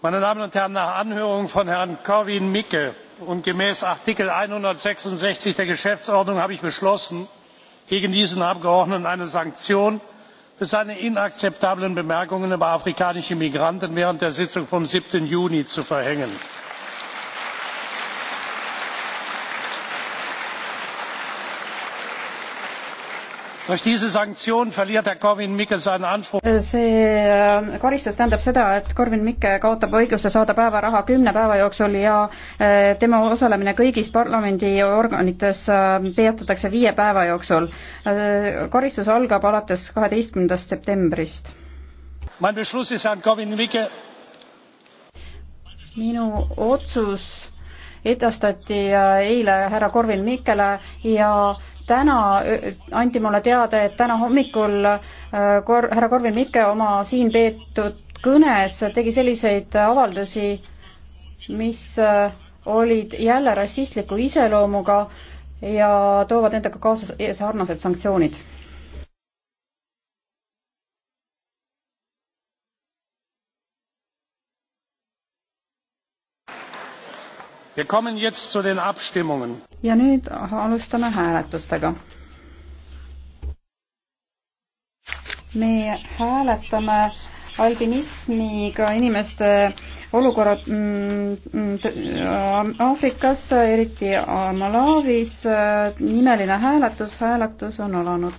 meine damen und herren! nach anhörung von herrn korwin mikke und gemäß artikel einhundertsechsundsechzig der geschäftsordnung habe ich beschlossen gegen diesen abgeordneten eine sanktion für seine inakzeptablen bemerkungen über afrikanische migranten während der sitzung vom. sieben juni zu verhängen. see äh, karistus tähendab seda, et Corvin Mikke kaotab õiguse saada päevaraha kümne päeva jooksul ja äh, tema osalemine kõigis parlamendiorganites äh, peatatakse viie päeva jooksul. karistus algab alates kaheteistkümnendast septembrist. minu otsus edastati äh, eile härra Korvin Mikkele ja täna anti mulle teada, et täna hommikul äh, kor-, härra Korvin Mikke oma siin peetud kõnes tegi selliseid avaldusi, mis äh, olid jälle rassistliku iseloomuga ja toovad endaga kaasa sarnased sanktsioonid ja nüüd alustame hääletustega. me hääletame albinismiga inimeste olukorra mm, äh, Aafrikas, eriti Malawis, nimeline hääletus, hääletus on alanud.